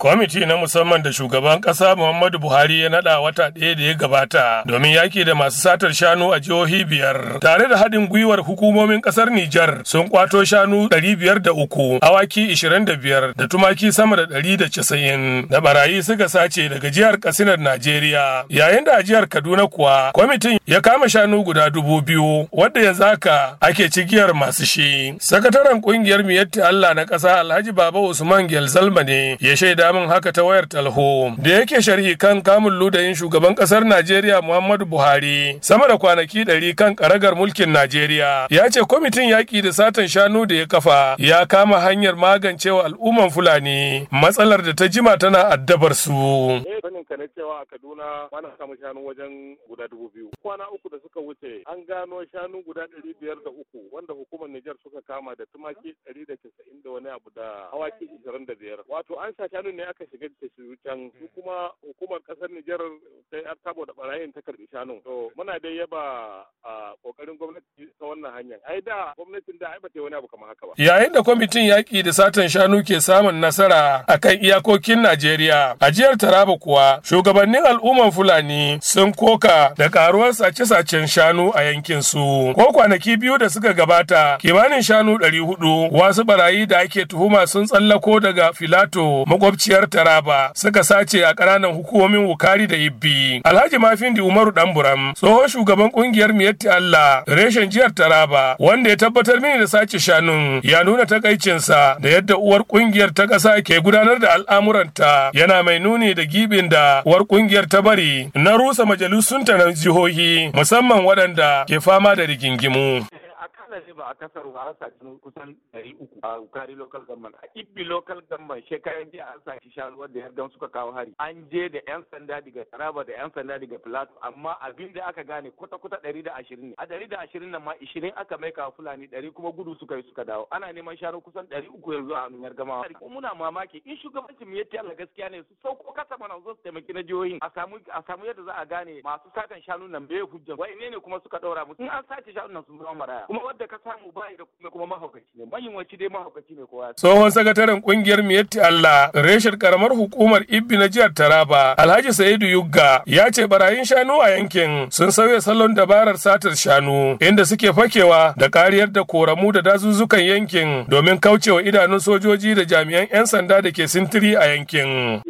Kwamiti na musamman da shugaban ƙasa Muhammadu Buhari ya naɗa wata ɗaya da ya gabata domin yaƙi da masu satar shanu a jihohi biyar. Tare da haɗin gwiwar hukumomin ƙasar Nijar sun kwato shanu ɗari biyar da uku, awaki ishirin da biyar da tumaki sama da ɗari da casa'in da barayi suka sace daga jihar Katsinar Najeriya. Yayin da a jihar Kaduna kuwa kwamitin ya kama shanu guda dubu biyu wadda yanzu haka ake cigiyar masu shi. Sakataren ƙungiyar Miyatti Allah na ƙasa Alhaji Baba Usman Gelzalma ne ya shaida min haka ta wayar talho da yake sharhi kan kamun ludayin shugaban kasar Najeriya Muhammadu Buhari sama da kwanaki ɗari kan karagar mulkin Najeriya ya ce kwamitin yaƙi da satan shanu da ya kafa ya kama hanyar magancewa al'umman Fulani matsalar da ta jima tana addabar su. ga cewa a Kaduna ana samun shanu wajen guda dubu biyu. Kwana uku da suka wuce an gano shanu guda ɗari biyar da uku wanda hukumar Nijar suka kama da tumaki ɗari da casa'in da wani abu da awaki ishirin da biyar. Wato an sa shanu ne aka shiga da su can su kuma hukumar ƙasar Nijar sai an tabo da ɓarayin ta karɓi shanun. To muna dai yaba a ƙoƙarin gwamnati wannan hanyar. Ai da gwamnatin da ai bata wani abu kamar haka ba. Yayin da kwamitin yaƙi da satan shanu ke samun nasara akan iyakokin Najeriya, a jiyar Taraba kuwa shugabannin al'umman Fulani sun koka da karuwar sace-sacen shanu a yankin su. Ko kwanaki biyu da suka gabata kimanin shanu 400 wasu barayi da ake tuhuma sun tsallako daga Filato makwabciyar Taraba suka sace a ƙananan hukumomin Wukari da Ibbi. Alhaji Mafindi Umaru Damburam tsohon shugaban kungiyar Miyatti Allah reshen jihar Taraba ba wanda ya tabbatar mini da sace shanun ya nuna takaicinsa da yadda uwar kungiyar ta kasa ke gudanar da al'amuranta yana mai nuni da gibin da uwar kungiyar ta bari na rusa majalisun ta na jihohi musamman waɗanda ke fama da rigingimu. ba a kasar a saci kusan dari uku a Ukari local government. A Ibbi local government shekaran jiya an saci shanu wadda yardan suka kawo hari. An je da 'yan sanda daga Taraba da 'yan sanda daga Plateau amma abin da aka gane kwata-kwata dari da ashirin ne. A dari da ashirin nan ma ishirin aka mai kawo Fulani dari kuma gudu suka yi suka dawo. Ana neman shanu kusan dari uku yanzu a hannun Yargamawa. Muna mamaki in shugabancin mu ya Allah gaskiya ne su sauko kasa mana zo su taimaki na jihohin a samu a samu yadda za a gane masu satan shanu nan bai hujjan. Wai ne ne kuma suka ɗaura musu. In an sace shanu nan sun zama maraya. Kuma ka samu bayi da kuma kuma mahaukaci ne wacce dai mahaukaci ne kowa tsohon sakataren kungiyar miyatti Allah reshen karamar hukumar Ibbi na jihar Taraba Alhaji Sa'idu Yugga ya ce barayin shanu a yankin sun sauya salon dabarar satar shanu inda suke fakewa da kariyar da koramu da dazuzzukan yankin domin kaucewa idanun sojoji da jami'an 'yan sanda da ke sintiri a yankin.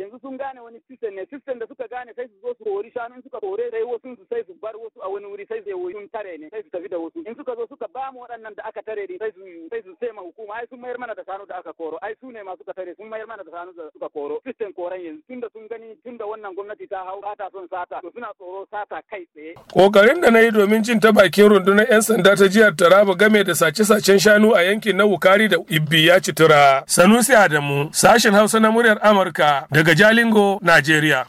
kristan da suka gane sai su zo su hori shanun suka hore sai wasu su sai su bar wasu a wani wuri sai su yi tare ne sai su tafi da wasu in suka zo suka ba mu waɗannan da aka tare ne sai su sai su sai ma hukuma ai sun mayar mana da shanu da aka koro ai su ne masu suka tare sun mayar mana da shanu da suka koro kristan koren yanzu tunda sun gani tunda wannan gwamnati ta hau ba ta son sata to suna tsoro sata kai tsaye kokarin da na yi domin jin ta bakin rundunar yan sanda ta jihar Taraba game da sace-sacen shanu a yankin na Wukari da Ibbi ya ci Sanusi Adamu sashen Hausa na muryar Amurka daga Jalingo Najeriya